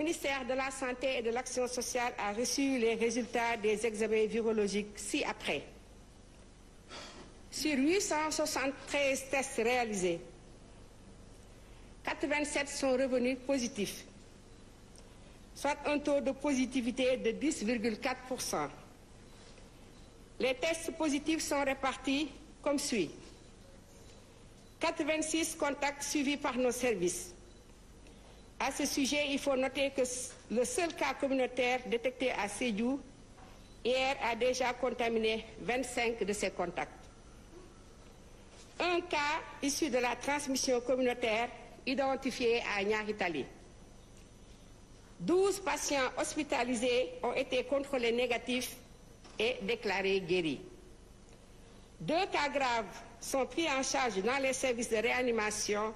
ministère de la Santé et de l'Action sociale a reçu les résultats des examens virologiques ci-après. Sur 873 tests réalisés, 87 sont revenus positifs, soit un taux de positivité de 10,4 pour cent. Les tests positifs sont répartis comme suit. 86 contacts suivis par nos services. À ce sujet, il faut noter que le seul cas communautaire détecté à Sédhiou hier a déjà contaminé 25 de ses contacts. Un cas issu de la transmission communautaire identifié à Niaritali. 12 patients hospitalisés ont et déclarés guéris. Deux cas graves sont pris en charge dans les services de réanimation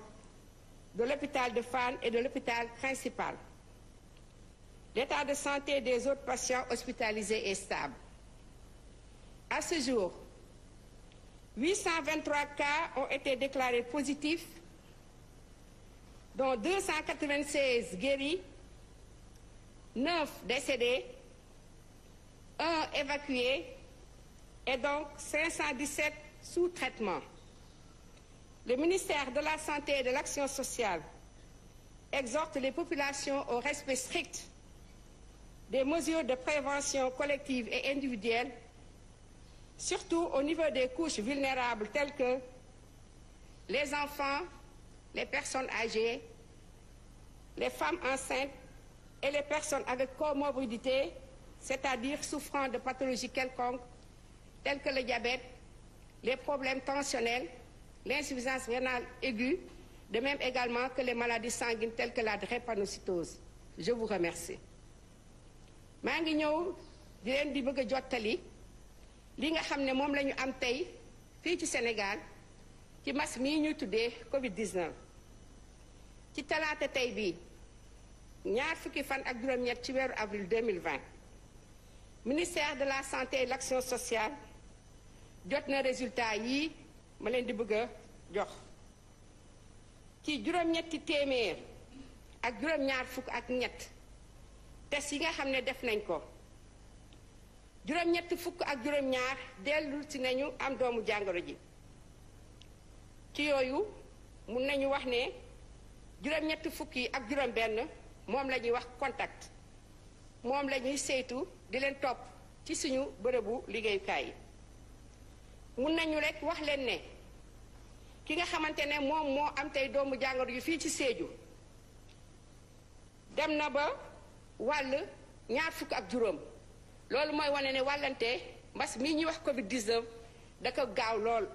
de l'hôpital de de l'hôpital principal. L'état de des autres patients hospitalisés est stable. À ce jour, 823 cas ont été déclarés positifs, dont 296 guéris, 9 décédés, 1 évacué et donc 517 sous Le ministère de la Santé et de l'Action sociale exhorte les populations au respect strict des mesures de prévention collective et individuelle, surtout au niveau des couches vulnérables telles que les enfants, les personnes âgées, les femmes enceintes et les personnes avec comorbidité, c'est-à-dire souffrant de pathologies quelconques telles que le diabète, les problèmes tensionnels l'insuffisance rénale aiguë, de même également que les maladies sanguines telles que la drépanocytose. Je maa ngi ñëw di leen di bëgg a jottali li nga xam ne moom lañu am tey fii ci Sénégal ci mas mii ñuy tuddee Covid ci talaata tey bii ñaar fukki fan ak juróom-ñett ci weeru avril 2020 ministère de la santé et l'action sociale jot na résultat yi ma leen di bëgg a jox ci juróom-ñetti téeméer ak juróom-ñaar fukk ak ñett test yi nga xam ne def nañ ko juróom-ñetti fukk ak juróom-ñaar dellu si nañu am doomu jàngoro ji ci yooyu mun nañu wax ne juróom-ñetti fukk yi ak juróom-benn moom lañuy wax contact moom lañuy ñuy di leen topp ci suñu bërëbu liggéeyukaay yi mun nañu rekk wax leen ne ki nga xamante ne moom moo am tey doomu jàngoro yu fii ci Sédhiou dem na ba wàll ñaar fukk ak juróom loolu mooy wane ne wàllante mbas mii ñuy wax Covid 19 da ko gaaw lool.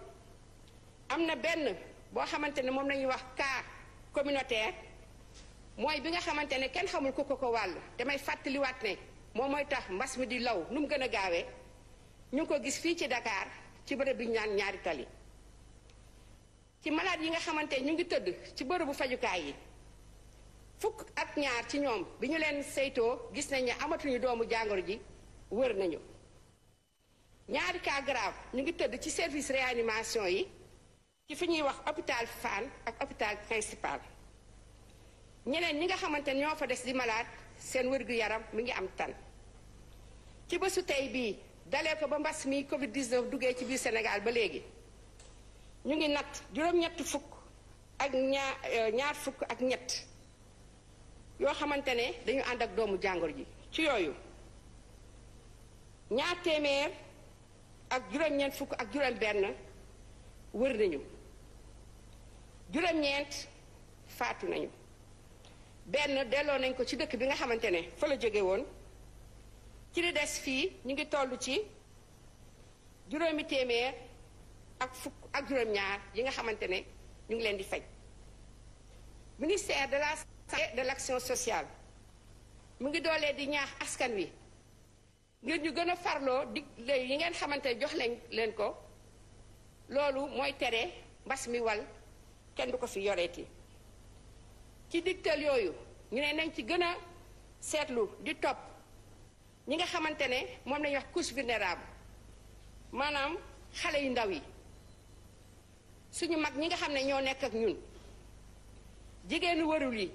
am na benn boo xamante ne moom la wax kaa communautaire mooy bi nga xamante ne kenn xamul ku ko ko wàll damay fàttaliwaat ne moom mooy tax mbas mi di law nu mu gën a gaawee ñu ngi ko gis fii ci dakaar ci bërëb bi ñaan ñaari tali. ci malaat yi nga xamante ñu ngi tëdd ci bërëbu fajukaay yi fukk ak ñaar ci ñoom bi ñu leen saytoo gis nañ ne amatuñu doomu jàngoro ji wër nañu ñaari cas grave ñu ngi tëdd ci service réanimation yi ci fi ñuy wax hôpital Fann ak hôpital principal ñeneen ñi nga xamante ñoo fa des di malade seen wér-gu-yaram mi ngi am tan ci bésu tey bii dalee ko ba mbas mi covid 19 duggee ci biir senegal ba léegi ñu ngi natt juróom-ñetti fukk ak ñaar euh, ñaar fukk ak ñett yoo xamante ne dañu ànd ak doomu jàngoro ji ci yooyu ñaar téeméer ak juróom-ñeent fukk ak juróom-benn wër nañu juróom-ñeent faatu nañu benn delloo nañ ko ci dëkk bi nga xamante ne fa la jóge woon ci li des fii ñu ngi tollu ci juróomi téeméer. ak fukk ak juróom-ñaar yi nga xamante ne ñu ngi leen di faj ministère de la santé de l'action sociale mu ngi doolee di ñaax askan wi ngir ñu gën a farloo digle yi ngeen xamante ne jox leen leen ko loolu mooy tere mbas mi wal kenn du ko fi yoreeti ci digtal yooyu ñu ne nañ ci gën a seetlu di topp ñi nga xamante ne moom lañuy wax couche vulnérable maanaam xale yu ndaw yi suñu mag ñi nga xam ne ñoo nekk ak ñun jigéenu warul yi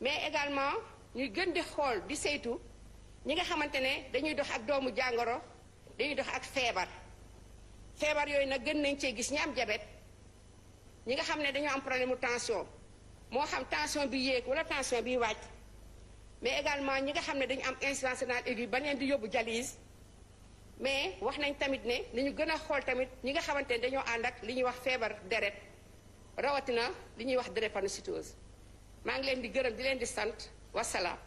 mais également ñuy gën di xool di saytu ñi nga xamante ne dañuy dox ak doomu jàngoro dañuy dox ak feebar feebar yooyu nag gën nañ cee gis ñi am jabet ñi nga xam ne dañoo am problème mu tension moo xam tension bi yéeg wala tension bi wàcc mais également ñi nga xam ne dañu am insuffisance rénale aiguë ba leen di yóbbu dialyse mais wax nañ tamit ne ni ñu gën a xool tamit ñi nga xamante ne dañoo ànd ak li ñuy wax feebar deret rawatina li ñuy wax drépanocytose maa ngi leen di gërëm di leen di sant wasalaam.